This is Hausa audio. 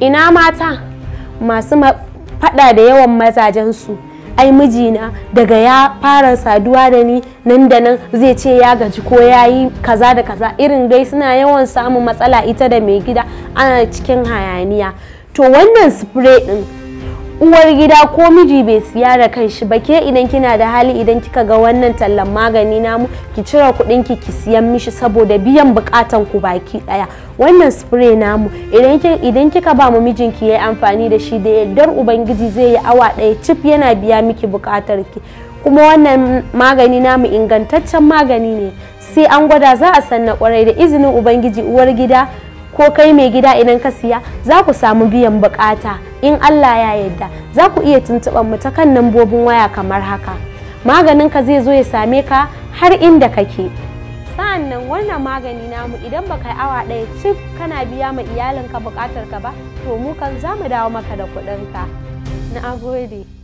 ina mata masu faɗa da yawan mazajensu ai mijina daga ya fara saduwa da ni nan da nan zai ce ya gaji ko ya yi kaza da kaza irin dai suna yawan samun matsala ita da mai gida ana cikin hayaniya to wannan spray ɗin uwar gida ko miji bai siya da kanshi ba ke idan kina da hali idan kika ga wannan tallan magani namu ki cire kuɗin ki ki siyan mishi saboda biyan bukatan ku baki daya wannan spray namu idan idan kika ba mu mijin ki yayi amfani da shi da yardar ubangiji zai yi awa daya cif yana biya miki bukatar ki kuma wannan magani namu ingantaccen magani ne sai an gwada za a sanna kwarai da izinin ubangiji uwar gida ko kai mai gida idan ka siya za ku samu biyan bukata in Allah ya yadda za ku iya tuntuɓar mu ta kan nambobin waya kamar haka maganin ka zai zo ya same ka har inda kake sa'an nan wannan magani namu idan ba kai awa ɗaya cif kana biya ma iyalinka buƙatar ka ba to mu kan za mu dawo maka da kuɗinka na agode